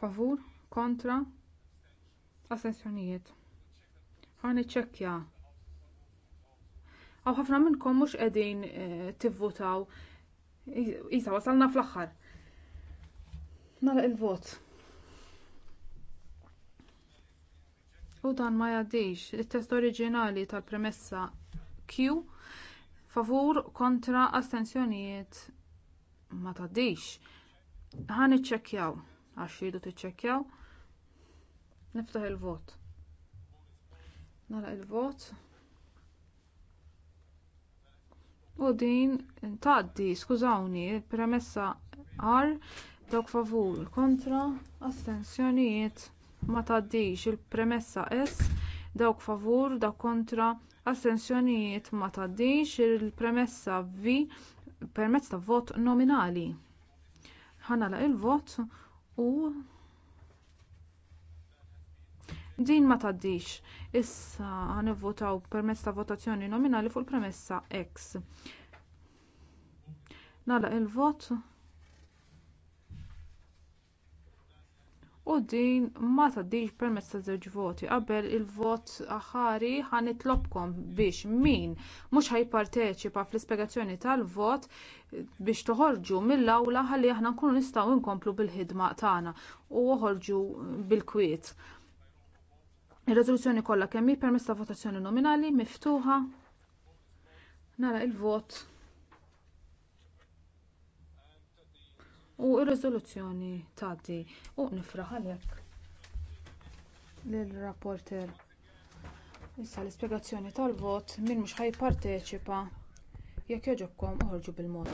favur kontra astensjonijiet Ħa niċċekkja. għaw ħafna minnkom mhux qegħdin eh, tivvutaw isa wasalna fl-aħħar nagħlaq il-vot u dan ma jgħaddix it-test oriġinali tal-premessa q favur kontra astensjonijiet ma tgħaddix ħa niċċekkjaw għax jridu tiċċekkjaw. Niftaħ il-vot. Nagħlaq il-vot. U din tgħaddi, skużawni, premessa għar dawk favur kontra astensjonijiet ma tgħaddix il-premessa S dawk favur dawk kontra astensjonijiet ma tgħaddix il-premessa V permezz ta' vot nominali. Ħanala il-vot u din ma tgħaddix. Issa nivvotaw permezz ta' votazzjoni nominali fuq il-premessa X. Nagħlaq il-vot. u din ma tgħaddix permezz ta' żewġ voti qabel il-vot aħari ħanitlobkom biex min mhux ħajparteċipa fl-ispjegazzjoni tal-vot biex toħorġu mill-awla ħalli aħna nkunu nistgħu nkomplu bil-ħidma tagħna u oħorġu bil-kwiet. Ir-reżoluzzjoni kollha kemm hi permezz ta' votazzjoni nominali miftuħa nara il-vot u r-riżoluzzjoni tgħaddi u nifraħ għalhekk lill-rapporter issa l-ispjegazzjoni tal-vot min mhux ħajjipparteċipa jekk jogħġobkom oħorġu bil-mod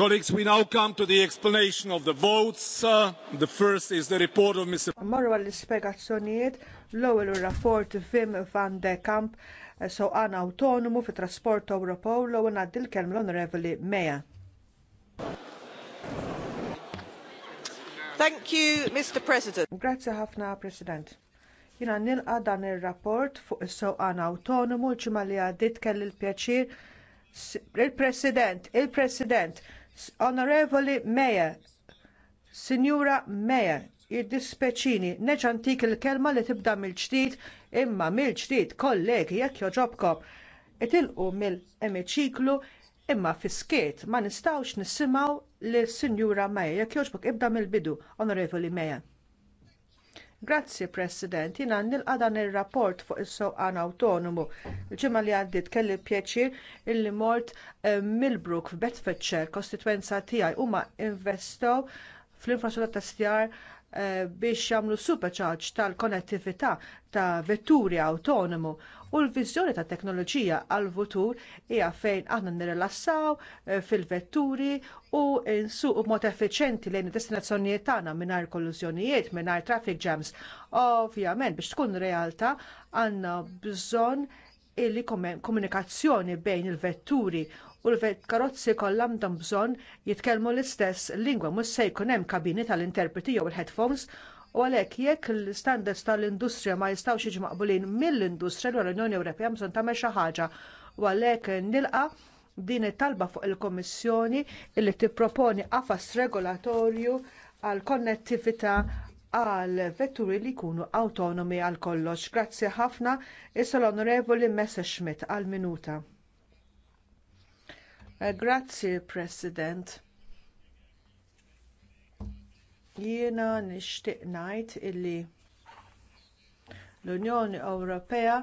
Colleagues, we now come to the explanation of the votes. Uh, the first is the report of Mr. Marwa l-ispiegazzjonijiet l-ewwel rapport Vim van de Kamp eh, sewqan autonomu fi trasport Ewropew l-ewwel ngħaddi l-kelma l-Onorevoli Meja. Thank you, Mr. President. Grazie ħafna, President. Jiena nilqa dan ir-rapport fuq is-sewqan autonomu l-ġimgħa li għaddiet kelli pjaċir il-President, il-President, Onorevoli Meja, Sinjura Meja, jiddispeċini, neġantik il-kelma li tibda mill-ġdid, imma mill-ġdid kollegi jekk joġobkom. Itilqu mill-emiċiklu imma fiskiet ma nistawx nisimgħu li sinjura Meja jekk joġbok ibda mill-bidu, Onorevoli Meja. Grazzi, President. Jina nilqa dan ir rapport fuq is sewqan autonomu. Il-ġimma li għaddit kelli pjaċir illi mort eh, Milbrook f'Bedfordshire, kostitwenza tiegħi huma investow fl-infrastruttura ta' stjar Eh, biex jagħmlu supercharge tal-konnettività ta' vetturi autonomu u l-viżjoni tat teknoloġija għall vutur hija fejn aħna nirilassaw eh, fil-vetturi u nsuqu b'mod effiċjenti lejn id-destinazzjonijiet tagħna mingħajr kollużjonijiet, mingħajr traffic jams. Ovvjament biex tkun realtà għandna bżonn illi komunikazzjoni bejn il-vetturi u l-karozzi kollha għandhom bżonn jitkellmu l-istess lingwa mhux se jkun hemm kabini tal-interpreti jew il-headphones u għalhekk jekk l-standards tal-industrija ma jistgħux jiġu maqbulin mill-industrija dwar l-Unjoni Ewropea bżonn tagħmel xi ħaġa u għalhekk nilqa' din it-talba fuq il-Kommissjoni li tipproponi qafas regolatorju għall konnettività għal vetturi li jkunu awtonomi għal kollox. Grazzi ħafna, issa l-Onorevoli Messerschmidt għal minuta. Eh, grazzi, President. Jiena nixtieq ngħid illi l-Unjoni Ewropea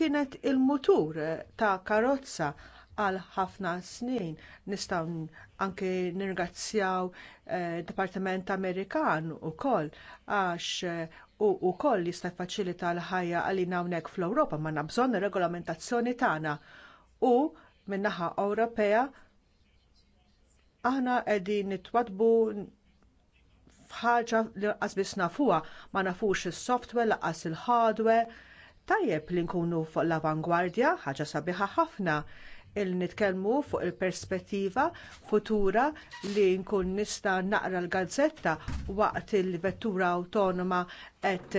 kienet il-mutur ta' karozza għal ħafna snin. Nistgħu anke nirgazzjaw eh, Dipartiment Amerikan ukoll għax eh, u wkoll jista' jfaċilita l-ħajja għalina hawnhekk fl-Ewropa ma bżonn ir regolamentazzjoni tagħna u min-naħa Ewropea aħna qegħdin nitwadbu f'ħaġa li qasbis nafuha, ma nafux is-software laqas il-hardware. Tajjeb li nkunu fuq l-avangwardja, ħaġa sabiħa ħafna il nitkellmu fuq il-perspettiva futura li nkun nista naqra l-gazzetta waqt il-vettura awtonoma qed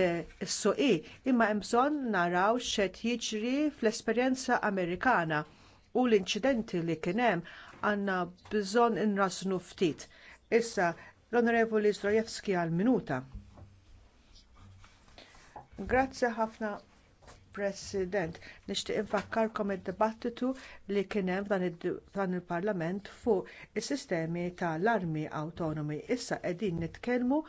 s-soqi imma hemm bżonn naraw x'qed jiġri fl-esperjenza Amerikana u l-inċidenti li kien hemm għandna bżonn inrasnu ftit. Issa, l-Onorevoli Zdrojewski għal minuta. Grazzi ħafna President, nixtieq infakkarkom id-dibattitu li kien hemm f'dan il-Parlament fuq is-sistemi tal-armi awtonomi. Issa qegħdin nitkellmu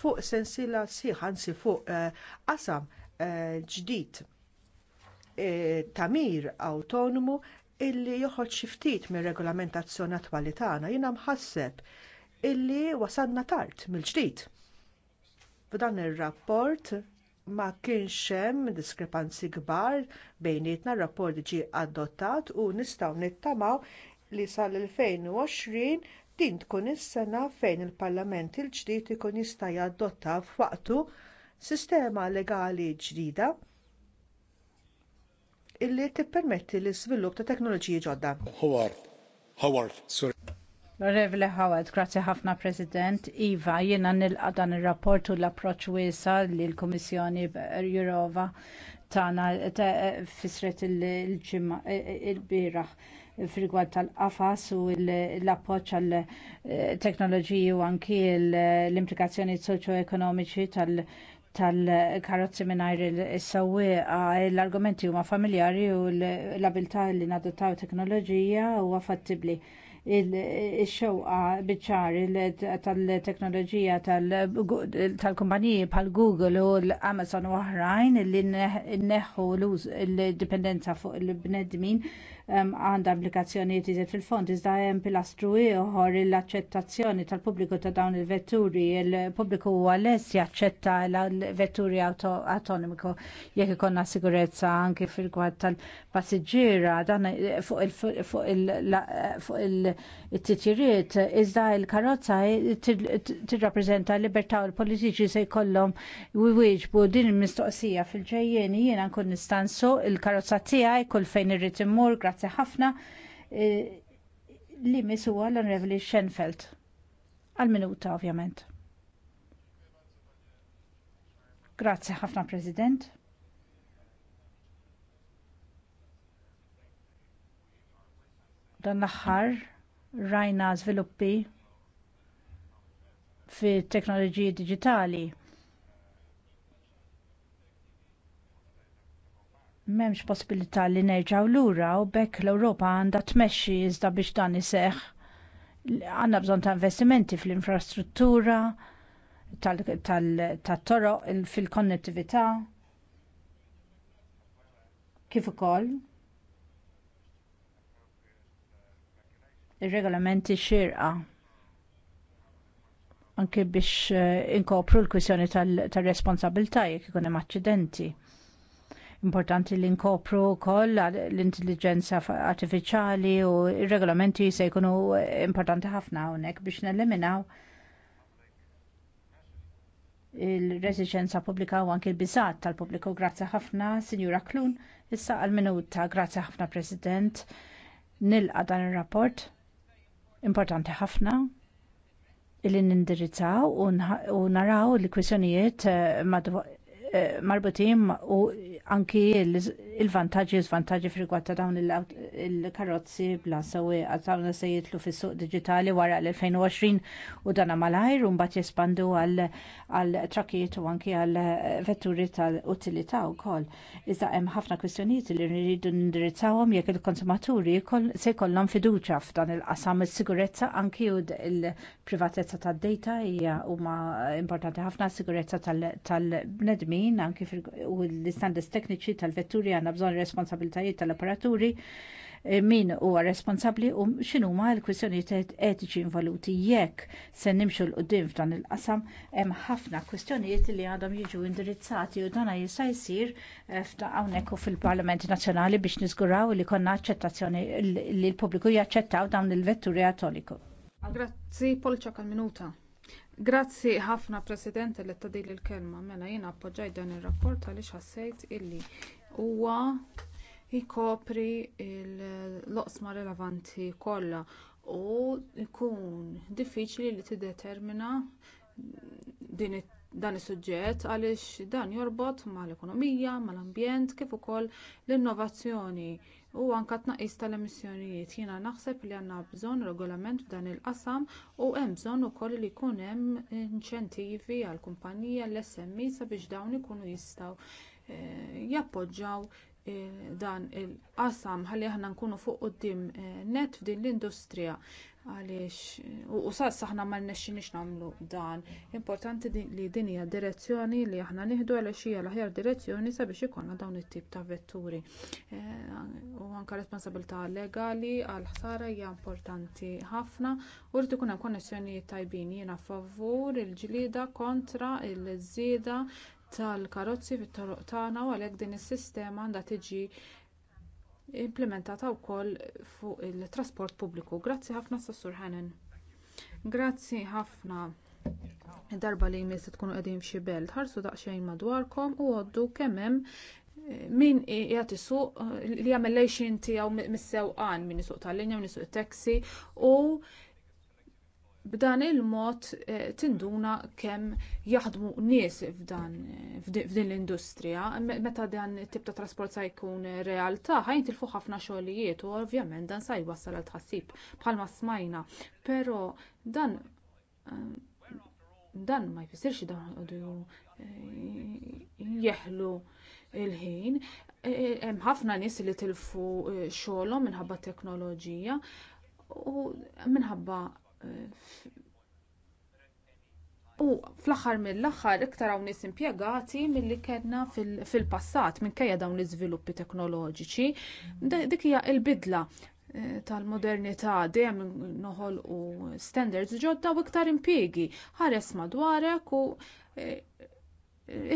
fuq sensiela sħiħ anzi fuq eh, qasam eh, ġdid eh, tamir awtonomu illi joħod xi ftit mir-regolamentazzjoni attwali tagħna jiena mħasseb illi wasalna tard mill-ġdid. F'dan ir-rapport ma kienx hemm diskrepanzi kbar bejnietna r-rapport ġie adottat u nistgħu nittamaw li sal-2020 din tkun is-sena fejn il-Parlament il-ġdid ikun jista' jadotta f'waqtu sistema legali ġdida illi tippermetti l-iżvilupp ta' teknoloġiji ġodda. Howard, Howard, sorry. Revle Howard, grazzi ħafna President. Iva, jiena nilqa dan ir-rapport u l-approċċ wiesa li l komissjoni Jurova tagħna fisret il-ġimgħa il-bieraħ frigwad tal-qafas u l-appoċ għal eh, teknoloġiju u anki l-implikazzjoni soċio ekonomiċi tal- tal-karozzi mingħajr is-sewwieqa l-argumenti huma familjari u l-abilità li nadottaw teknoloġija huwa fattibbli il-xewqa biċċar tal-teknoloġija tal-kumpaniji bħal Google u l-Amazon u oħrajn li nneħħu l-dipendenza fuq il-bnedmin għandha applikazzjonijiet iżjed fil-fond iżda hemm pilastru ieħor l-aċċettazzjoni tal-pubbliku ta' dawn il-vetturi. Il-pubbliku huwa lest jaċċetta l-vetturi autonomiku jekk ikollna sigurezza anke fil-kwad tal-passiġġiera dan fuq il-titjiriet iżda il-karozza tirrappreżenta l-libertà u l-politiċi se jkollhom jwieġbu din il-mistoqsija fil-ġejjeni jiena nkun nistansu il-karozza tiegħi kull fejn irrid immur Grazzi ħafna. E, li misuwa l-Onorevoli Schenfeld. Għal-minuta, ovvjament. Grazzi ħafna, President. Dan l-aħħar rajna żviluppi fit teknoloġiji digitali. M'hemmx possibilità li nerġgħu lura u bekk l-Ewropa għandha tmexxi iżda biex dan iseħħ. Għandna bżonn ta' investimenti fl-infrastruttura, tal-toroq fil-konnettività. Kif ukoll? Ir-regolamenti xirqa anke biex eh, inkopru l-kwissjoni tal responsabilità jekk ikun hemm aċċidenti. Importanti li nkopru wkoll l-intelligenza artifiċjali u r regolamenti se jkunu importanti ħafna hawnhekk biex neliminaw il-resiċenza pubblika u anki l-bizat tal-pubbliku. Grazzi ħafna, Signora Klun, issa għal-minuta, grazzi ħafna, President. Nilqa dan il-rapport, importanti ħafna, illi nindirizzaw u naraw il-kwissjonijiet Eh, marbutin u anki il-vantaġġi u żvantaġġi f'rigward ta' dawn il-karozzi bla sewwieqa dawn se jitlu fis-suq diġitali wara l-2020 u dan malajr u mbagħad jespandu għal trakkijiet u anki għal vetturi tal-utilità wkoll. Iżda hemm ħafna kwistjonijiet li rridu nindirizzawhom jekk il-konsumaturi se jkollhom fiduċja f'dan il-qasam is-sigurezza anki u l-privatezza tad-data hija huma importanti ħafna s-sigurezza tal-bnedmin anki u l-istandards tekniċi tal-vetturi għandna għandna bżonn responsabiltajiet tal-apparaturi eh, min huwa responsabbli u x'inhuma l-kwistjonijiet etiċi involuti jekk se nimxu l qudiem f'dan il-qasam hemm ħafna kwistjonijiet li għadhom jiġu indirizzati u dan jista' jsir eh, hawnhekk u fil-Parlamenti Nazzjonali biex niżguraw li konna aċċettazzjoni li l-pubbliku jaċċettaw dawn il-vetturi atoliku. Grazzi, Polċa kal-minuta. Grazzi ħafna President li tadil il-kelma mela jina appoġġaj dan ir-rapport għaliex ħassejt illi huwa jkopri l-oqsma rilevanti kollha u jkun diffiċli li tiddetermina dan is-suġġett għaliex dan jorbot mal-ekonomija mal-ambjent kif ukoll l-innovazzjoni u anke t-tnaqqis tal-emissjonijiet jiena naħseb li għandna bżonn regolament f'dan il-qasam u hemm bżonn ukoll li jkun hemm inċentivi għall-kumpaniji għall smes sabiex dawn ikunu jistgħu Eh, jappoġġaw eh, dan il-qasam ħalli aħna nkunu fuq quddiem eh, net f'din l-industrija għaliex u sas aħna ma nnexxinix nagħmlu dan. Importanti li din hija direzzjoni li aħna nieħdu għaliex hija l-aħjar direzzjoni sabiex ikollna dawn it-tip ta' vetturi. U anke responsabilità legali għal ħsara hija importanti ħafna u rrid ikun hemm konnessjonijiet tajbin jiena favur il-ġlieda kontra l-żieda tal-karozzi fit-toroq tagħna u għalhekk din is-sistema għandha tiġi implementata wkoll fuq il trasport pubbliku. Grazzi ħafna Sassur Hanen. Grazzi ħafna darba li jmiss tkunu qegħdin f'xi belt ħarsu daqsxejn madwarkom u għoddu kemm hemm eh, min qiegħed isuq eh, li jagħmel lejxin tiegħu mis-sewqan min isuq tal-linja min isuq taxi u b'dan il-mod eh, tinduna kemm jaħdmu nies f'dan f'din l-industrija meta dan it-tip ta' trasport se jkun realtà ħajntilfu ħafna xogħlijiet u ovvjament dan sa jwassal għal tħassib bħalma smajna però dan eh, dan ma jfissirx dan eh, jeħlu il-ħin hemm ħafna nies li tilfu xogħolhom minħabba t teknoloġija u minħabba U fl-aħħar mill-aħħar iktar hawn nies impjegati milli kellna fil-passat minkejja dawn l-iżviluppi teknoloġiċi. Dik hija l-bidla eh, tal-modernità dejjem noħolqu standards ġodda u iktar impjiegi. Ħares madwarek u eh,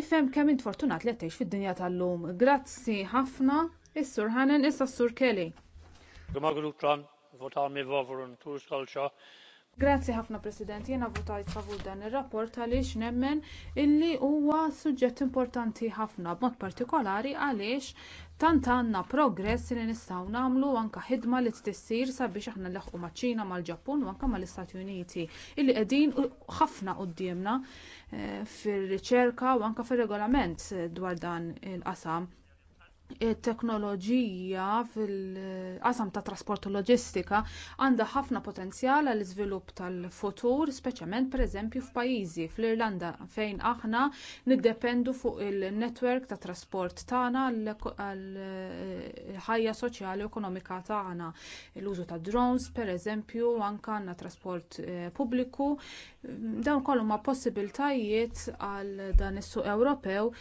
ifhem kemm intfortunat li tgħix fid-dinja tal-lum. Grazzi ħafna is-Sur Ħanen issa s-Sur Kelly. Grazzi ħafna President, Jiena votajt favur dan ir-rapport għaliex nemmen illi huwa suġġett importanti ħafna b'mod partikolari għaliex tant għandna progress li nistgħu nagħmlu anke ħidma li tissir sabiex aħna nleħqu maċ-Ċina mal-Ġappun u anke mal-Istati Uniti illi qegħdin ħafna quddiemna eh, fir-riċerka u anke fir-regolament dwar dan il-qasam it-teknoloġija fil-qasam tat trasport u loġistika għandha ħafna potenzjal għall iżvilupp tal-futur, speċjalment pereżempju f'pajjiżi fl-Irlanda fejn aħna niddependu fuq il-netwerk tat trasport tagħna għal ħajja soċjali u ekonomika tagħna. L-użu ta' drones, pereżempju, anke għandna trasport eh, pubbliku. Dawn kollu ma' possibiltajiet għal dan is-suq Ewropew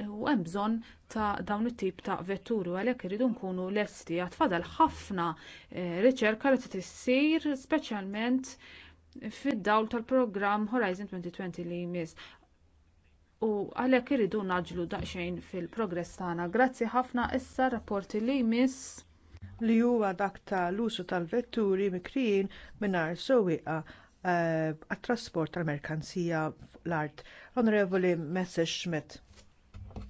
u hemm bżonn ta' dawn it-tip ta' vetturi għalhekk iridu nkunu lesti għad fadal ħafna eh, riċerka li trid issir speċjalment fid-dawl tal-programm Horizon 2020 li jmiss. U għalhekk iridu naġlu daqsxejn fil-progress tagħna. Grazzi ħafna issa rapporti li jmiss li huwa dak tal-użu tal-vetturi mikrijin mingħajr sewwieqa eh, għat-trasport tal-merkanzija l-art. Onorevoli Schmidt.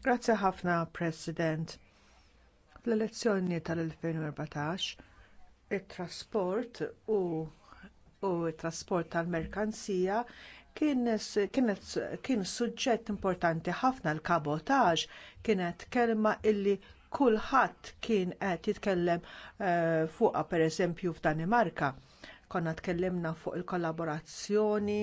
Grazzi ħafna, President. L-elezzjoni tal-2014, it-trasport u t trasport tal-merkanzija kien suġġett importanti ħafna l-kabotaġ kienet kelma illi kulħadd kien qed jitkellem uh, fuqha pereżempju f'Danimarka. Konna tkellimna fuq il-kollaborazzjoni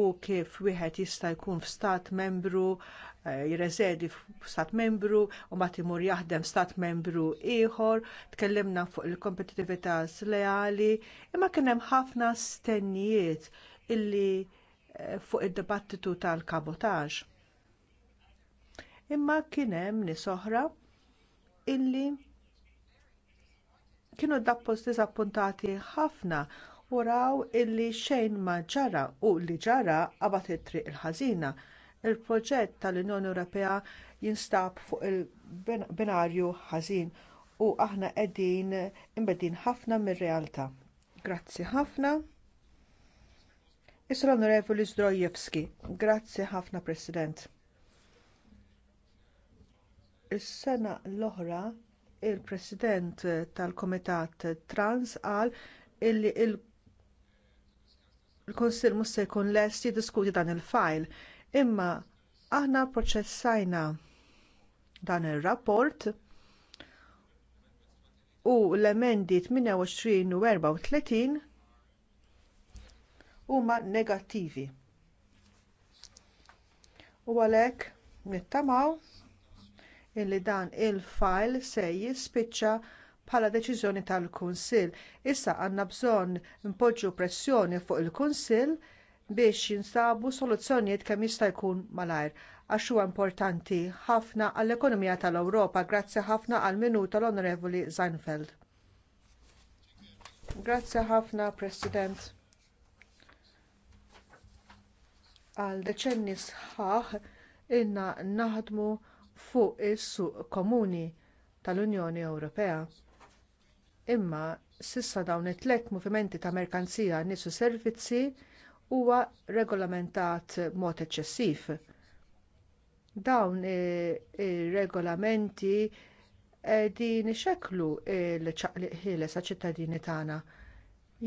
u kif wieħed jista' jkun f'stat membru eh, jirreżedi f'stat membru u ma timur jaħdem stat membru ieħor, tkellimna fuq il-kompetitività sleali, imma kien hemm ħafna stennijiet illi eh, fuq id-dibattitu tal-kabotaġ. Imma kien hemm nies oħra illi kienu dappost disappuntati ħafna żguraw illi xejn ma ġara u li ġara qabad it-triq il-ħażina. Il-proġett tal-Unjoni Ewropea jinstab fuq il-binarju ħażin u aħna qegħdin imbeddin ħafna mir-realtà. Grazzi ħafna. Isra Onorevoli Zdrojewski, grazzi ħafna President. Is-sena l-oħra il-President tal kumitat Trans qal illi il il-Konsil mhux se jkun lest jiddiskuti dan il-fajl. Imma aħna proċessajna dan ir-rapport u l-emendi 28 u 34 huma negattivi. U għalhekk nittamaw illi dan il-file se jispiċċa bħala deċiżjoni tal-Kunsill. Issa għandna bżonn impoġġu pressjoni fuq il-Kunsill biex jinsabu soluzzjonijiet kemm jista' jkun malajr għax huwa importanti ħafna għall-ekonomija tal-Ewropa. Grazzi ħafna għall minuta l-Onorevoli Seinfeld. Grazzi ħafna, President. Għal deċenni sħaħ inna naħdmu fuq is-suq komuni tal-Unjoni Ewropea imma s'issa dawn it-tliet movimenti ta' merkanzija nies u servizzi huwa regolamentat b'mod eċċessiv. Dawn ir-regolamenti e, e, qegħdin ixekklu l-ċaqliq ħieles għaċ-ċittadini tagħna.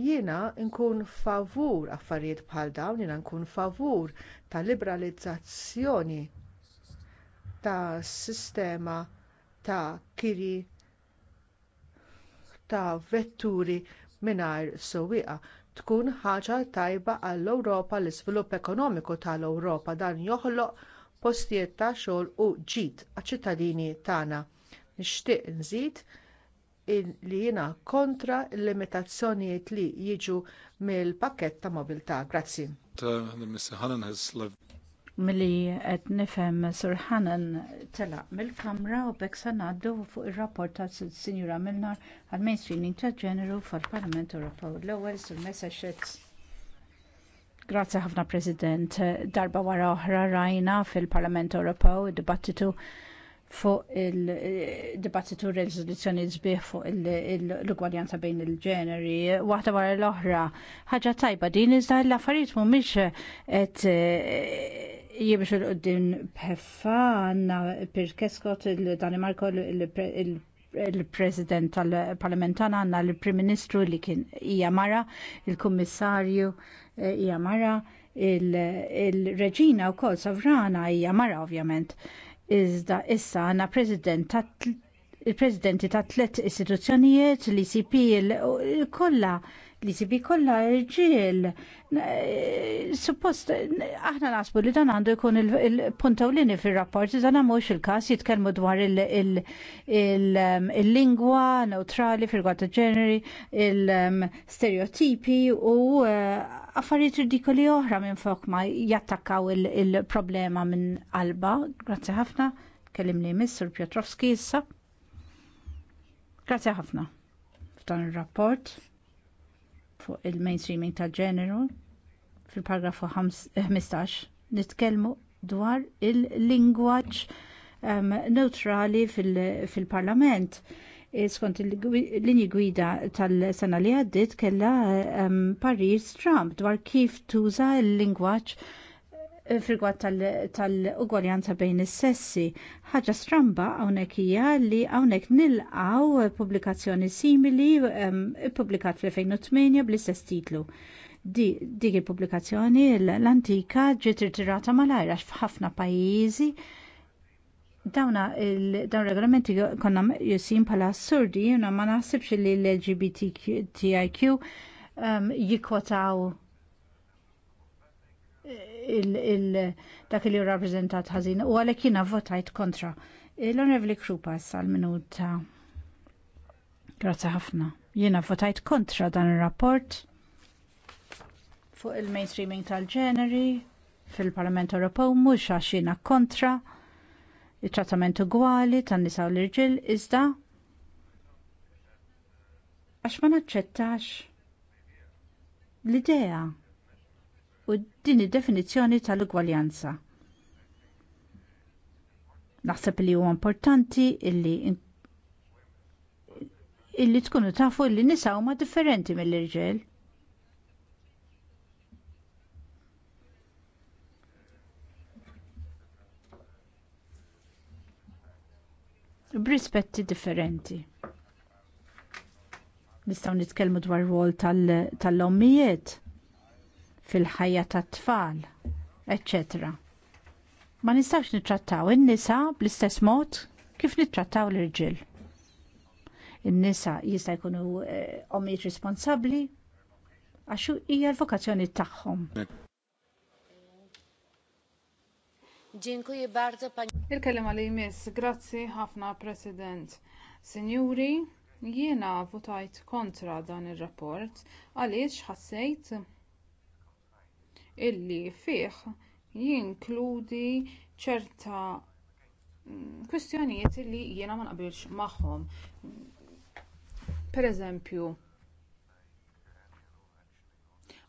Jiena nkun favur affarijiet bħal dawn, jiena nkun favur ta' liberalizzazzjoni tas sistema ta' kiri ta' vetturi mingħajr sewwieqa tkun ħaġa tajba għall-Ewropa l-iżvilupp ekonomiku tal-Ewropa dan joħloq postijiet ta' xogħol u ġid għaċ-ċittadini tagħna. Nixtieq nżid li jiena kontra l-limitazzjonijiet li jiġu mill-pakkett ta' mobilità. Grazzi milli qed nifhem Sir Hanan telaq mill-Kamra u bekk ngħaddu fuq ir-rapport ta' sinjura Milnar għal mainstreaming ta' ġeneru fil-Parlament Ewropew. L-ewwel sur Massachusetts. Grazzi ħafna President. Darba wara oħra rajna fil-Parlament Ewropew id-dibattitu fuq il-dibattitu eh, rezoluzzjoni zbieħ fuq l-ugwaljanza bejn il-ġeneri, waħda wara l-oħra. ħaġa tajba din iżda l-affarijiet mhumiex qed eh, jibx il-qoddim bħeffa għandna Pirkeskot il-Danimarko il- danimarko il tal-Parlamentana għanna l-Prim Ministru li kien hija mara, il-Kummissarju eh, hija mara, il-Reġina u kol Sovrana hija mara ovvjament. Iżda issa għandna president il-presidenti ta' tliet istituzzjonijiet, l-ICP, kollha li sibi kollha ġil eh, Suppost, aħna nasbu li dan għandu jkun il-punta u lini fil-rapport, dan għamux il-kas jitkellmu dwar eh, il-lingwa neutrali fil għata ġeneri, il-stereotipi eh, u affarijiet ridikoli oħra minn fuq ma jattakaw il-problema minn qalba. Grazzi ħafna. Kellimni Mr. Piotrowski issa. Grazzi ħafna f'dan ir rapport fuq il-mainstreaming tal-ġeneru fil-paragrafu 15 eh, nitkellmu dwar il-lingwaġġ um, neutrali fil-parlament. Fil e, Skont il-linji gwida tal-sena li għaddit kella um, Paris Trump dwar kif tuża l-lingwaġġ frigwat tal-ugwaljanza bejn is-sessi. Ħaġa stramba hawnhekk hija li hawnhekk nilqgħu pubblikazzjoni simili ehm, ppubblikat fl-2008 bl-istess titlu. Dik il-pubblikazzjoni l-antika ġiet irtirata malajr għax f'ħafna pajjiżi dawna dawn regolamenti konna jusin bħala assurdi, jina ma naħsibx li l-LGBTIQ ehm, jikwotaw dak li rappresentat ħażin u għalhekk jiena votajt kontra. L-Onorevoli Krupa sal-minuta. Grazzi ħafna. Jiena votajt kontra dan ir-rapport fuq il-mainstreaming tal-ġeneri fil-Parlament Ewropew mhux għax jiena kontra it-trattament ugwali tan-nisa u l-irġiel iżda għax ma naċċettax l-idea u din id-definizzjoni tal-ugwaljanza. Naħseb li huwa importanti illi illi tkunu tafu illi nisa huma differenti mill-irġiel. b'rispetti differenti. Nistgħu nitkellmu dwar rwol tal-ommijiet. Tal fil-ħajja tat-tfal, etc. Ma nistax nittrattaw in-nisa bl-istess mod kif nittrattaw l-irġiel. In-nisa jista' jkunu eh, omijiet responsabbli għax hija l-vokazzjoni tagħhom. Dziękuję bardzo pani. Il-kelima li jmiss, grazzi ħafna President. Sinjuri, jiena votajt kontra dan ir-rapport għaliex ħassejt illi fih jinkludi ċerta mm, kwistjonijiet li jiena ma naqbilx magħhom pereżempju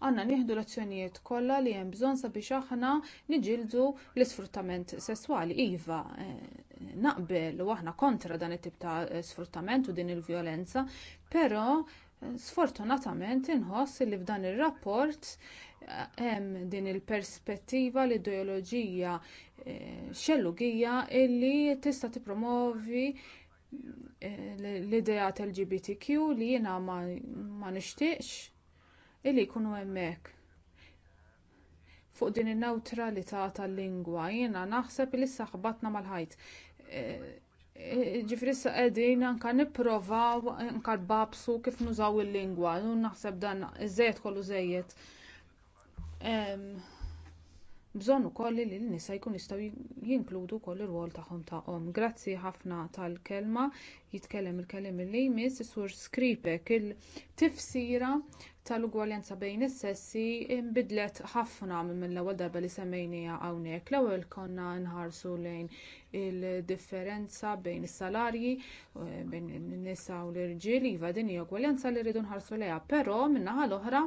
għandna nieħdu l-azzjonijiet kollha li hemm bżonn sabiex aħna niġildu l-isfruttament sesswali iva eh, naqbel u aħna kontra dan it-tip ta' sfruttament u din il-vjolenza però eh, sfortunatament inħoss li f'dan ir-rapport hemm din il-perspettiva l-ideoloġija eh, xellugija illi tista' tippromovi eh, l-idea tal-LGBTQ li jiena ma nixtieqx illi jkunu hemmhekk fuq din in-newtralità tal-lingwa jiena naħseb li issa ħbatna mal-ħajt eh, ġifri issa qegħdin anke nipprovaw nkarbabsu kif nużaw il-lingwa u naħseb dan iż-żejjed kollu żejjed bżonn ukoll li l nisa jkunu jistgħu jinkludu wkoll ir-rwol tagħhom tagħhom grazzi ħafna tal-kelma jitkellem il-kelliem li jmiss is-sur skripek il-tifsira tal-ugwaljanza bejn is-sessi inbidlet ħafna minn l-ewwel darba li semmejniha hawnhekk l-ewwel konna nħarsu lejn il-differenza bejn is-salarji eh, bejn in-nisa u l-irġiel iva din hija ugwaljanza li rridu nħarsu lejha però min-naħa l-oħra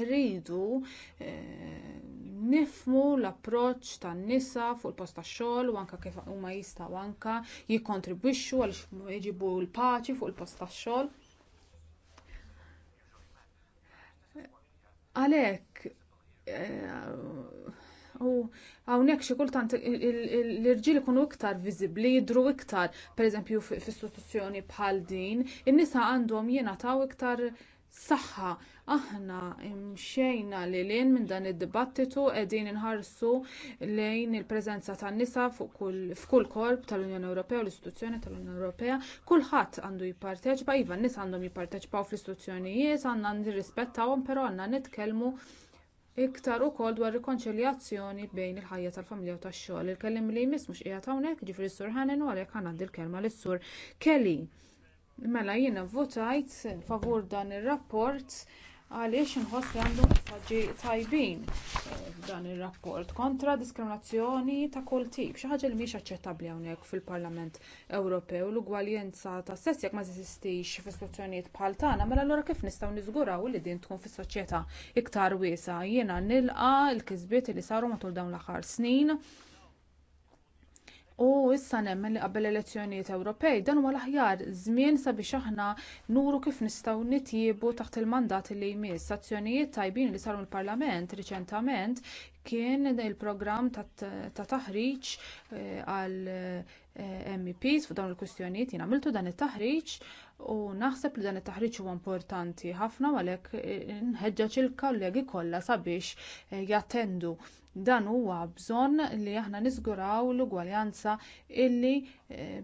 rridu eh, nifhmu l-approċċ tan-nisa fuq il-post tax-xogħol u anke kif huma jistgħu anke jikkontribwixxu għaliex jġibu l-paċi fuq il-post tax-xogħol. Għalhekk eh, u hawnhekk xi kultant l-irġiel ikunu iktar viżibbli jidhru iktar, pereżempju fl-istituzzjoni bħal din, in-nisa għandhom jingħataw iktar saħħa aħna mxejna hinn minn dan id-dibattitu qegħdin inħarsu lejn il-preżenza tan-nisa f'kull korp tal-Unjoni Ewropea u l-istituzzjoni tal-Unjoni Ewropea kulħadd għandu jipparteċipa iva n nisa għandhom jipparteċipaw fl-istituzzjonijiet għandna nirrispettawhom però għandna nitkellmu iktar ukoll dwar rikonċiljazzjoni bejn il-ħajja tal-familja u tax-xogħol il-kelliem li jmiss mhux qiegħed hawnhekk jiġifieri s-sur ħanen u għalhekk għandi l-kelma lis-sur kelly mela jiena votajt favur dan ir-rapport għaliex inħoss li għandu messaġġi tajbin eh, f'dan ir-rapport kontra diskriminazzjoni ta' kull tip xi ħaġa li mhix aċċettabbli hawnhekk fil-Parlament Ewropew l ugwaljenza ta' sess jekk ma tiżistix f'istituzzjonijiet bħal tagħna mela allura kif nistgħu niżguraw li din tkun fis-soċjetà iktar wiesa' jiena nilqa' l-kisbiet li saru matul dawn l-aħħar snin U issa nemmen li qabel elezzjonijiet Ewropej dan huwa l-aħjar żmien sabiex aħna nuru kif nistgħu nitjiebu taħt il-mandat li jmiss. Azzjonijiet tajbin li saru l-Parlament riċentament kien il-programm ta' taħriġ eh, għal Eh, MEPs fuq dawn il-kwistjonijiet jiena għamiltu dan it-taħriġ u naħseb li dan it-taħriġ huwa importanti ħafna għalhekk eh, nħeġġeġ il-kollegi kollha sabiex eh, jattendu dan huwa bżonn li aħna niżguraw l-ugwaljanza illi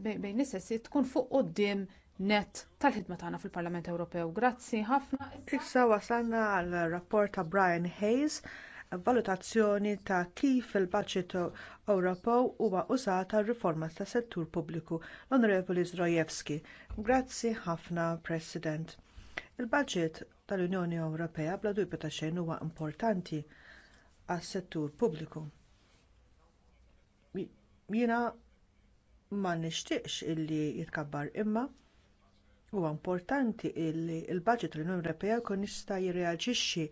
bejn nisessi tkun fuq quddiem net tal-ħidma tagħna fil-Parlament Ewropew. Grazzi ħafna. Issa wasalna għal rapport ta' Brian Hayes valutazzjoni ta' kif il-Baġit Ewropew huwa użat r riforma tas settur pubbliku. L-Onorevoli Zdrojewski. Grazzi ħafna, President. Il-Baġit tal-Unjoni Ewropea bla dubju ta' xejn huwa importanti għas settur pubbliku. Jiena ma nixtieqx illi jitkabbar imma huwa importanti illi l-Baġit tal-Unjoni Ewropea jkun jista' jirreaġixxi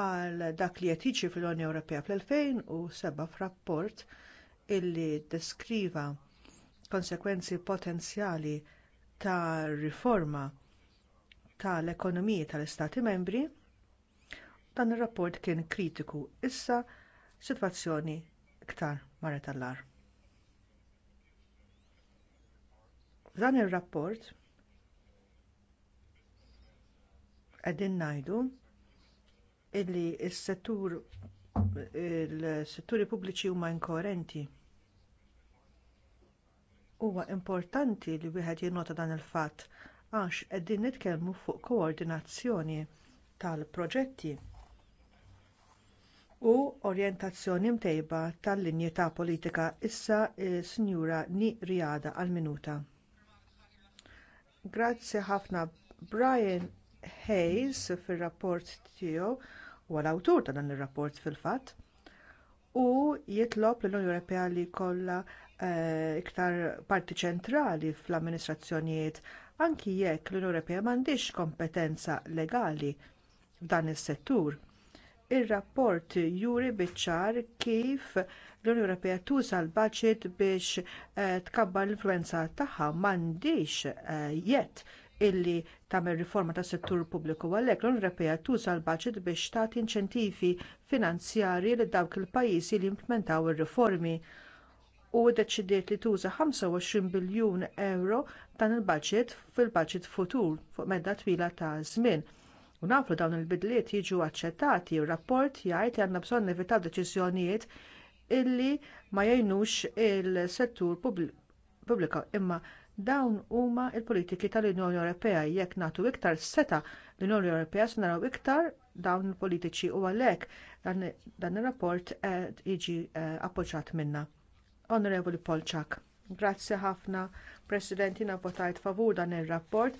għal dak li qed jiġi fl-Unjoni Ewropea fl-2007 f'rapport illi deskriva konsegwenzi potenzjali tar riforma tal-ekonomiji tal-Istati membri, dan ir-rapport kien kritiku issa sitwazzjoni iktar marret tal-lar. Dan ir-rapport qegħdin ngħidu illi s-settur il-setturi pubbliċi huma inkoerenti. Huwa importanti li wieħed jinnota dan il-fatt għax qegħdin nitkellmu fuq koordinazzjoni tal-proġetti u orjentazzjoni mtejba tal-linji ta' politika issa e, eh, sinjura ni riada għal minuta. Grazzi ħafna Brian Hayes fir-rapport tiegħu huwa l-awtur ta' dan ir-rapport fil-fatt u jitlob lill unjoni Ewropea li jkollha eh, iktar parti ċentrali fl-amministrazzjonijiet anki jekk l-Unjoni Ewropea m'għandix kompetenza legali f'dan is-settur ir-rapport juri biċ-ċar kif l-Unjoni Ewropea tuża l-baġit biex eh, tkabbar l-influenza tagħha m'għandix jett eh, illi tagħmel riforma tas settur pubbliku għalhekk l-Unjoni Ewropea tuża l-baġit biex tagħti inċentivi finanzjarji lil dawk il-pajjiżi li jimplementaw ir-riformi u ddeċidiet li tuża 25 biljun euro dan il-baġit fil-baġit futur fuq medda twila ta' żmien. U nafu dawn il-bidliet jiġu aċċettati u rapport jgħid li għandna bżonn nevitaw deċiżjonijiet illi ma jgħinux il-settur pubbliku imma Dawn huma l politiki tal-Unjoni Ewropea jekk nagħtu iktar seta l-Unjoni Ewropea se naraw iktar dawn il-politiċi u għalhekk dan ir-rapport qed eh, jiġi eh, appoġġjat minna. Onorevoli Polczak, grazzi ħafna President jiena votajt favur dan ir-rapport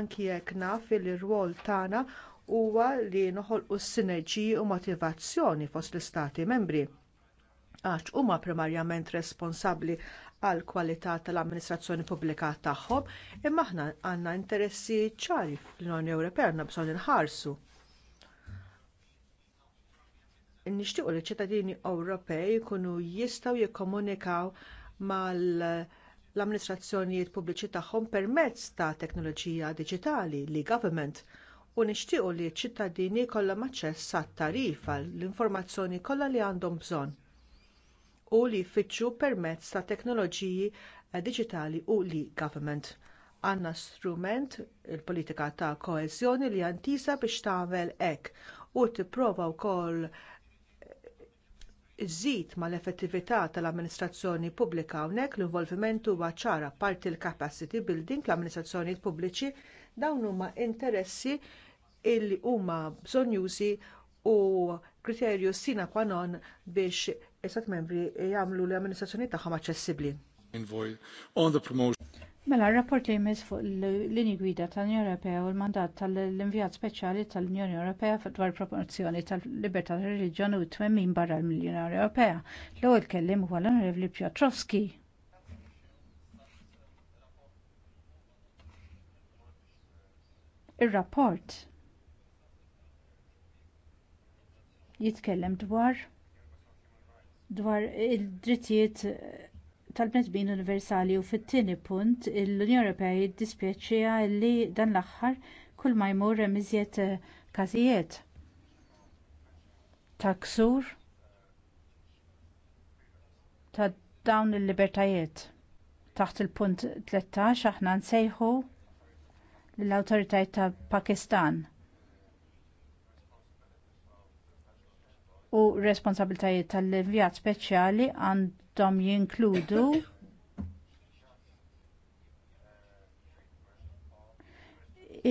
anki jekk naf li r-rwol tagħna huwa li noħolqu sinerġiji u motivazzjoni fost l-istati membri għax huma primarjament responsabbli għall kwalità tal-amministrazzjoni pubblika tagħhom, imma aħna għandna interessi ċari fl-Unjoni Ewropea għandna bżonn inħarsu. Nixtiequ li ċittadini Ewropej jkunu jistgħu jikkomunikaw mal amministrazzjonijiet pubbliċi tagħhom permezz ta' teknoloġija diġitali li government u nixtiequ li ċ-ċittadini jkollhom aċċess għat tarifa għall informazzjoni kollha li għandhom bżonn u li jfittxu permezz ta' teknoloġiji eh, diġitali u li government għandna strument il-politika ta' koeżjoni li jantisa biex tagħmel hekk u tipprova wkoll eh, iżid mal-effettività tal-amministrazzjoni pubblika hawnhekk l-involviment huwa ċara parti l-capacity building l-amministrazzjonijiet pubbliċi dawn huma interessi li huma bżonjużi u kriterju sine qua non biex istat membri jagħmlu l-amministrazzjoni tagħhom aċċessibbli. Mela, r-rapport li jmiss fuq l-lini gwida tal-Unjoni Ewropea u l-mandat tal-invjat speċjali tal-Unjoni Ewropea dwar proporzjoni tal-libertà tal-reliġjon u t-twemmin barra l-Unjoni Ewropea. L-ewwel kellim huwa l-Onorevli Piotrowski. Ir-rapport jitkellem dwar dwar id-drittijiet tal-bnedmin universali u fit-tieni punt l-unjoni ewropea jiddispjaċiha li dan l-aħħar kull ma jmur hemm iżjed eh, każijiet ta' ksur ta' dawn il-libertajiet taħt il-punt 13 aħna nsejħu lill-awtoritajiet ta' pakistan u responsabiltajiet tal-invjat speċjali għandhom jinkludu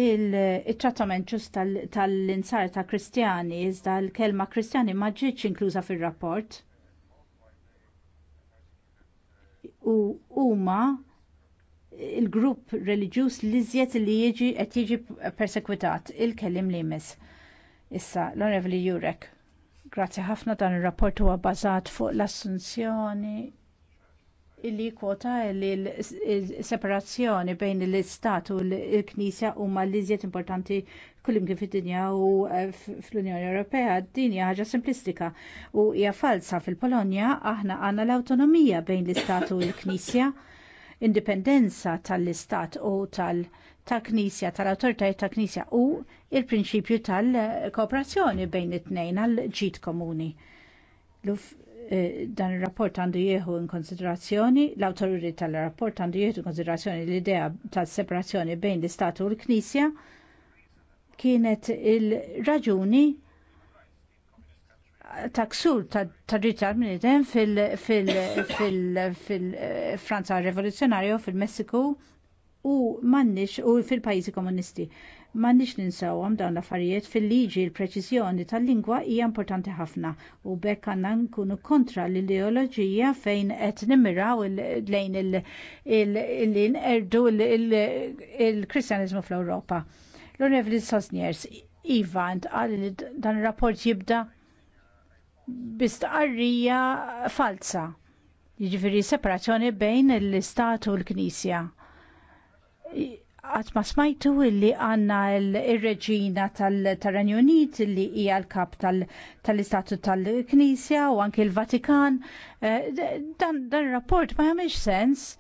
il-trattament ġust tal-insar ta' kristjani, iżda l-kelma kristjani ma ġietx inkluża fir-rapport. U huma il-grupp reliġjuż li żjed li jiġi qed jiġi persekwitat il-kellim li jmiss. Issa, l-Onorevoli Jurek. Grazzi ħafna dan ir-rapport huwa bbażat fuq l-assunzjoni illi kwota li l-separazzjoni bejn l-Istat u l-Knisja huma l-iżjed importanti kullim kif id-dinja u eh, fl-Unjoni Ewropea din hija ħaġa simplistika u hija falsa fil-Polonja aħna għandna l-awtonomija bejn l-Istat u l-Knisja indipendenza tal-Istat u tal-Knisja ta' knisja tal-autoritajiet ta' knisja u il-prinċipju tal-kooperazzjoni bejn it-tnejn għal-ġid komuni. Luf, eh, dan il-rapport għandu jieħu in konsiderazzjoni, l-autorit tal-rapport għandu jieħu in konsiderazzjoni l-idea tal-separazzjoni bejn l-Istat u l-Knisja kienet il-raġuni ta' ksur ta' dritt tal minidem fil-Franza fil, fil, fil, fil Revoluzjonarju fil-Messiku u m'għandniex u fil-pajjiżi komunisti. M'għandniex għam dawn l-affarijiet fil-liġi l-preċiżjoni tal-lingwa hija importanti ħafna u bekk għandna nkunu kontra l-ideoloġija fejn qed nimmiraw lejn il-lin erdu il-Kristjaniżmu fl-Ewropa. L-Onorevoli Sosniers, Iva, għal li dan ir-rapport jibda bistqarrija falsa. Jiġifieri separazzjoni bejn l-Istat u l-Knisja għat ma smajtu illi għanna il-reġina tal-Renju Unit illi hija l-kap tal-istatu tal-Knisja u anke il-Vatikan. Eh, dan rapport ma jamiex sens.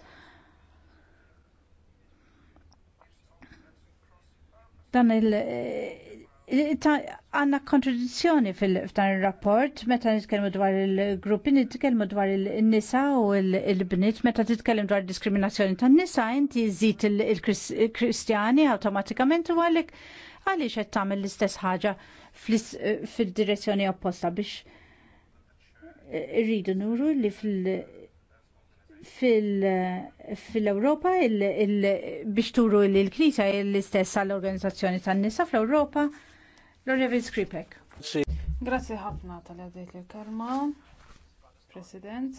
Dan il- eh, għanna kontradizzjoni f'dan il-rapport, meta nitkellmu dwar il-gruppi, nitkellmu dwar il-nisa u il-bnit, meta titkellmu dwar diskriminazzjoni tan nisa inti zit il-kristjani automatikament u għalek għalix qed tagħmel l-istess ħaġa fil-direzzjoni opposta biex irridu nuru li fil- fil-Europa biex turu l-Knisja l-istess għall-organizzazzjoni tan-nisa fl-Europa l Skripek. Grazie ħafna tal-għadik il-karma. President,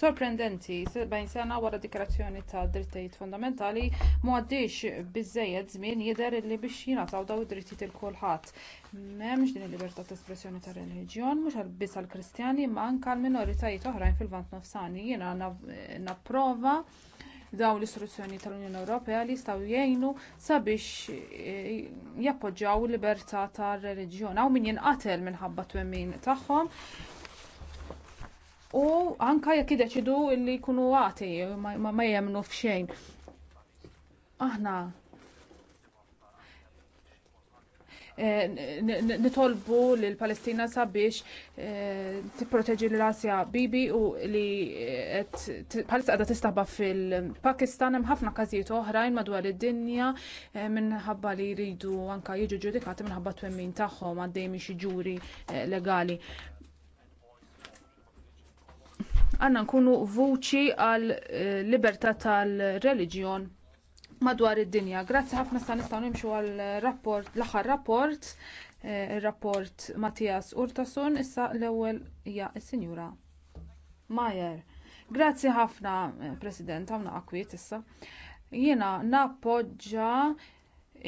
sorprendenti, 70 sena wara dikrazzjoni ta' drittijiet fundamentali muaddix biżżejjed żmien jidher li biex jingħataw daw drittijiet il kulħadd. M'hemmx din il-libertà ta' espressjoni ta' reliġjon mhux bis għal kristjani ma anke għall minoritajiet oħrajn fil-Vant nafsani, Jiena napprova prova dawn l-istruzzjoni tal-Unjoni Ewropea li jistgħu jgħinu sabiex eh, jappoġġjaw il-libertà tar-reliġjon hawn min jinqatel minħabba twemmin tagħhom u anke jekk ideċidu li jkunu għati ma jemnu f'xejn. Aħna Eh, nitolbu li l-Palestina sabiex eh, tipproteġi l-Asja Bibi u li eh, palissa għada tistaba fil-Pakistan hemm ħafna każijiet oħrajn madwar id-dinja minħabba li jridu anka jiġu ġudikati minħabba twemmin tagħhom għaddej miex ġuri legali. Għanna nkunu vuċi għal libertà tal-reliġjon madwar id-dinja. Grazzi ħafna sta nistgħu nimxu għal rapport l-aħħar rapport, eh, ir-rapport Mattias Urtason issa l-ewwel hija is sinjura Majer. Grazzi ħafna, eh, President, għamna akwiet issa. Jiena nappoġġa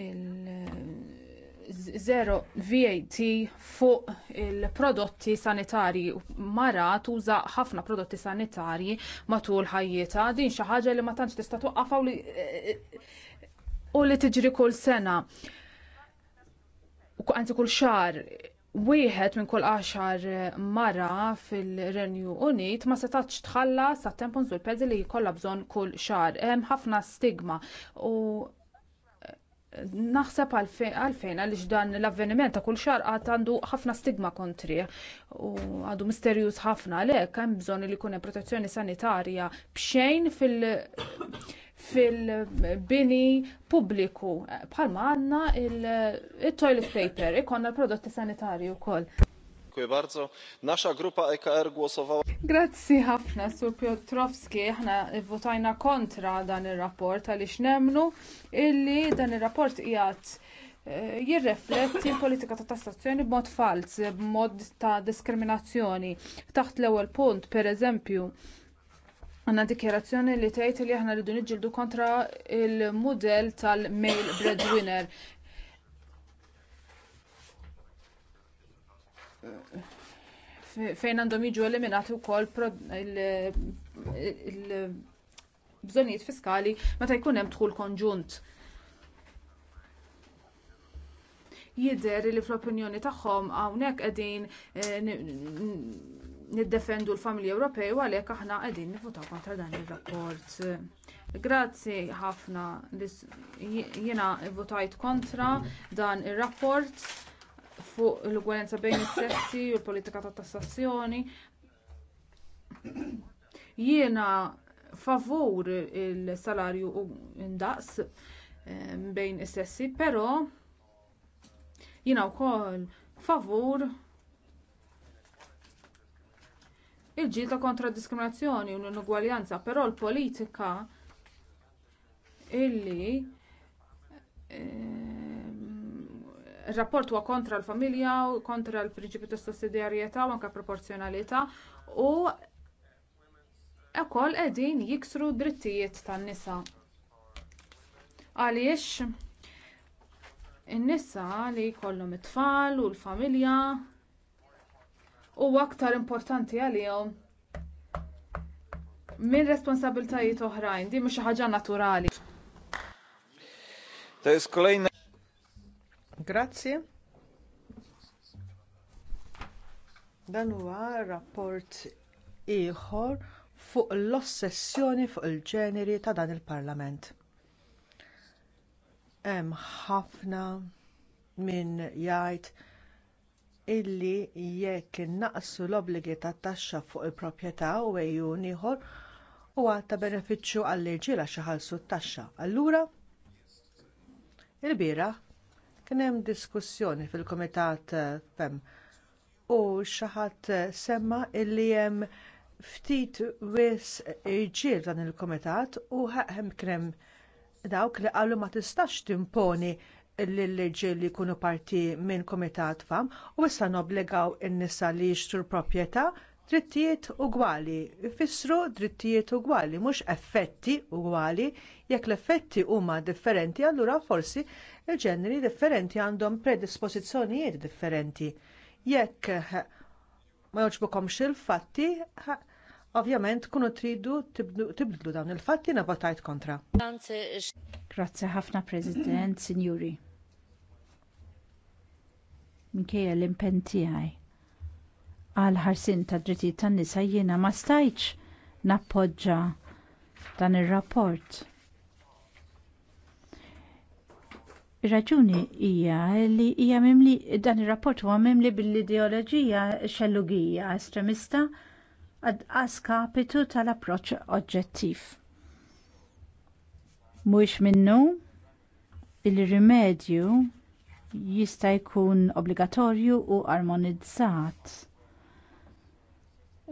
il- zero VAT fuq il-prodotti sanitarji. Mara tuża ħafna prodotti sanitarji matul ħajjita. Din xi ħaġa li ma tantx tista' toqqafa u li tiġri kull sena. Anzi kull xar wieħed minn kull għaxar mara fil-Renju Unit ma setax tħallas għat tempo nżur l li jkollha bżonn kull xahar Hemm ħafna stigma u naħseb għalfejn għaliex dan l-avveniment ta' kull xar għad għandu ħafna stigma kontri u għadu misterjuż ħafna għalhekk hemm bżonn li jkun hemm protezzjoni sanitarja bxejn fil- fil-bini pubbliku bħalma għandna il-toilet paper ikonna l-prodotti sanitarji wkoll. Nasza grupa EKR głosowała. Grazzi ħafna, Sur Piotrowski, aħna votajna kontra dan ir-rapport għaliex nemnu illi dan ir-rapport qiegħed e, jirrefletti l-politika ta' tassazzjoni b'mod fals, b'mod ta' diskriminazzjoni. Taħt l-ewwel punt, pereżempju, għandna dikjerazzjoni li tgħid li aħna rridu niġġieldu kontra il-mudell tal-male breadwinner fejn għandhom jiġu eliminati wkoll il-bżonnijiet fiskali meta jkun hemm dħul konġunt. Jidher li fl-opinjoni tagħhom hawnhekk qegħdin eh, niddefendu l-familji Ewropej u għalhekk aħna qegħdin nifutaw kontra dan ir-rapport. Grazzi ħafna jiena votajt kontra dan ir-rapport fuq l-ugwalenza bejn is-sessi u l-politika tat tassazzjoni. Jiena favur il-salarju indaqs ehm, bejn is-sessi, però jiena wkoll favur il-ġilta kontra d diskriminazzjoni u l-inugwaljanza, però l-politika illi e, rapport huwa kontra l-familja u kontra l-prinċipju ta' sussidjarjetà u anke proporzjonalità u ukoll qegħdin jiksru d-drittijiet tan-nisa. Għaliex in-nisa li jkollhom it-tfal u l-familja huwa aktar importanti għalihom minn responsabbiltajiet oħrajn din mhux xi ħaġa naturali. Grazzi. Dan huwa rapport ieħor fuq l-ossessjoni fuq il-ġeneri ta' dan il-Parlament. Hemm ħafna min jgħid illi jekk innaqsu l-obbligi tat-taxxa fuq il-proprjetà u għejjun ieħor u ta' benefiċċju għall-irġiela xi ħallsu t-taxxa. Allura il Kien hemm diskussjoni fil-Kumitat eh, FEM u xi ħadd eh, semma illi hemm ftit wis irġiel dan il-Kumitat u hemm kien hemm dawk li qalu ma tistax timponi l-irġiel li jkunu parti minn Kumitat FAM u issa nobblegaw in-nisa li jixtru l-proprjetà drittijiet ugwali, ifissru drittijiet ugwali, mhux effetti ugwali, jekk l-effetti huma differenti, allura forsi il-ġeneri differenti għandhom predispożizzjonijiet differenti. Jekk ma joġbukomx il-fatti, ovvjament kunu tridu tibdlu dawn il-fatti na votajt kontra. Grazzi ħafna President, Signori. Minkejja l-impen għal ħarsien tad drittijiet tan-nisa jiena ma stajtx nappoġġa dan ir-rapport. Ir-raġuni hija li hija mimli dan ir-rapport huwa mimli bil-ideoloġija xellugija estremista għas kapitu tal-approċċ oġġettiv. Mhux minnu il-rimedju jista' jkun obbligatorju u armonizzat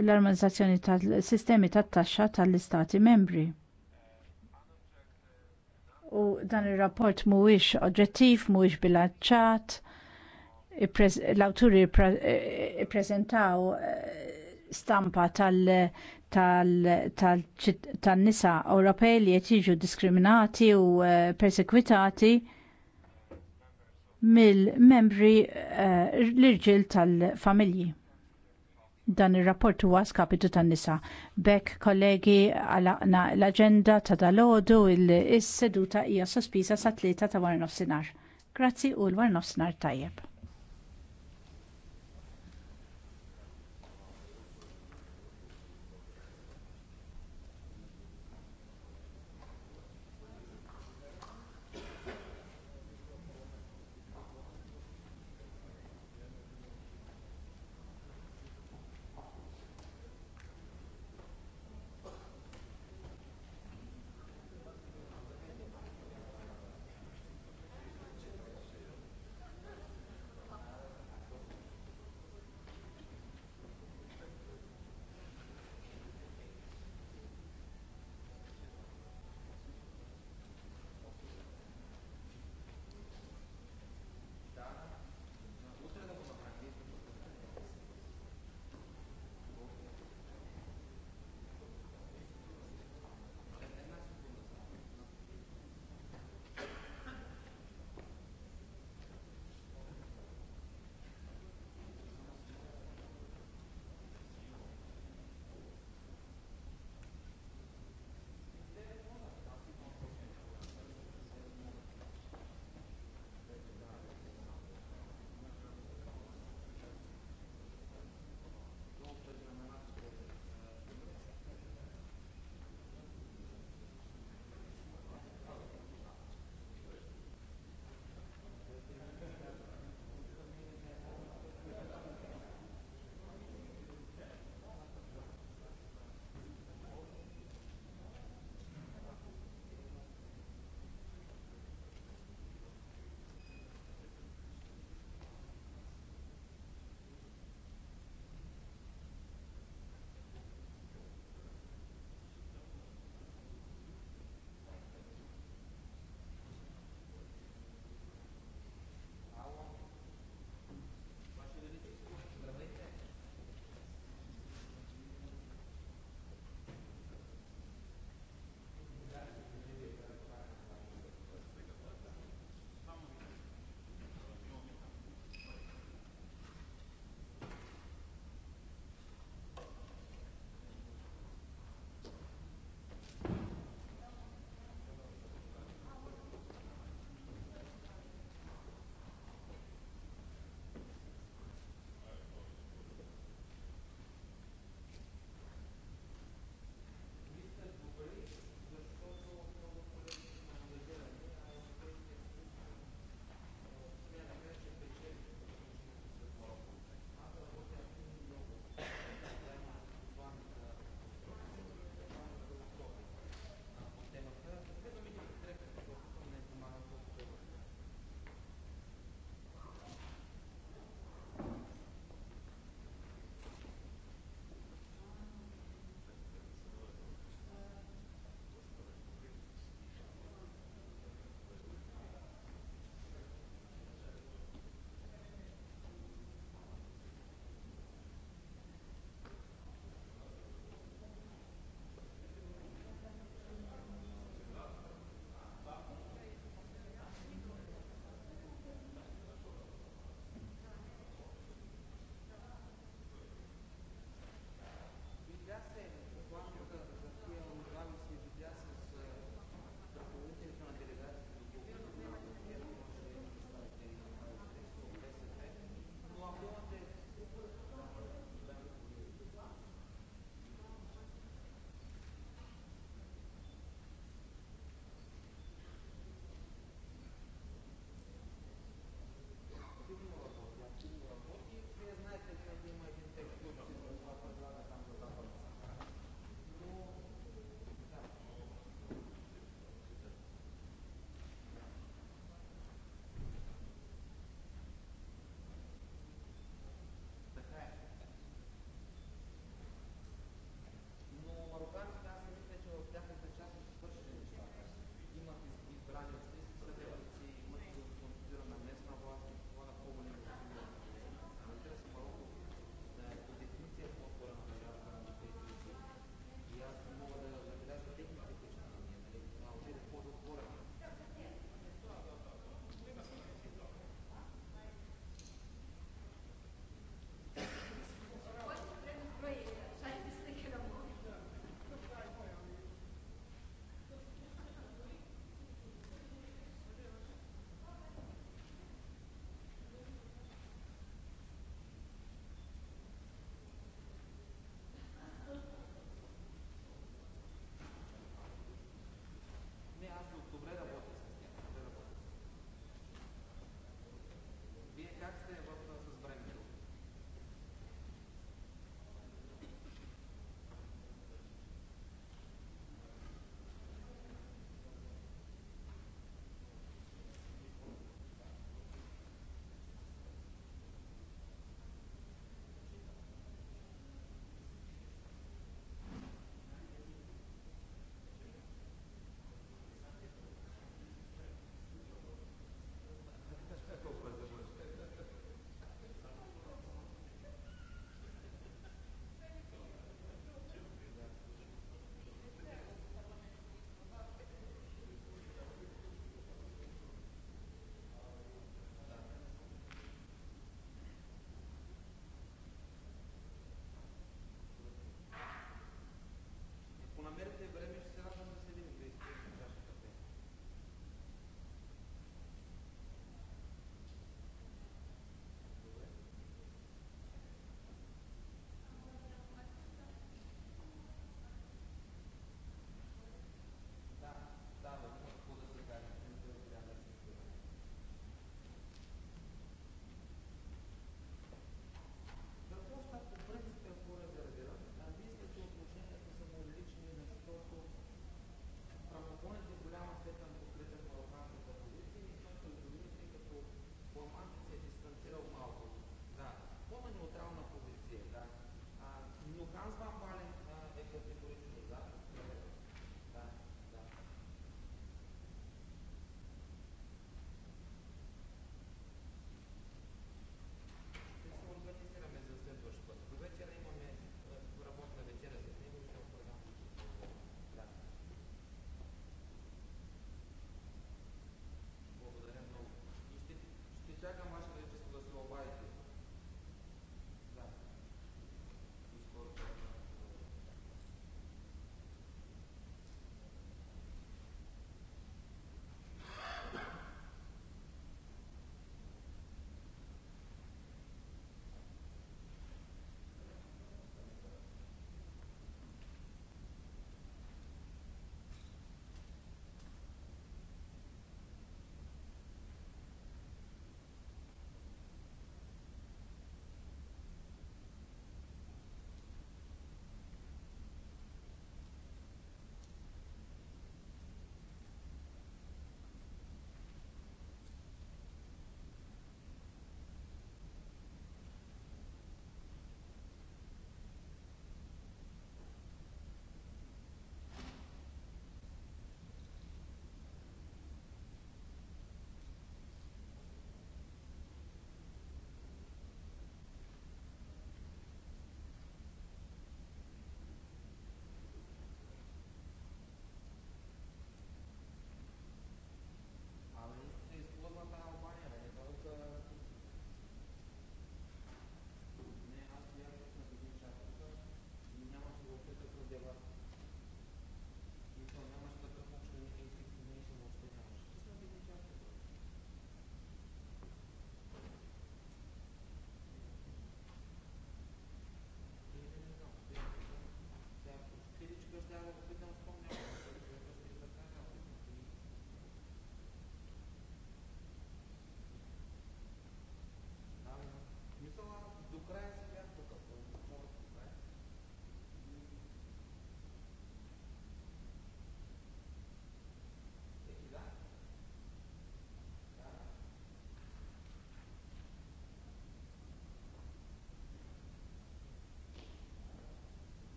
l-armonizzazzjoni tal-sistemi tat-taxxa tal-istati membri u dan ir-rapport mhuwiex oġġettiv mhuwiex bilanċat l-awturi ppreżentaw eh, stampa tal-nisa Ewropej li qed jiġu diskriminati u eh, persekwitati mill-membri eh, l-irġiel tal-familji dan ir-rapport huwa skapitu tan-nisa. Bekk kollegi għalaqna l-aġenda ta' dalodu il-seduta hija sospiża sa' tlieta ta' wara nofsinhar. Grazzi u l-wara nofsinhar tajjeb.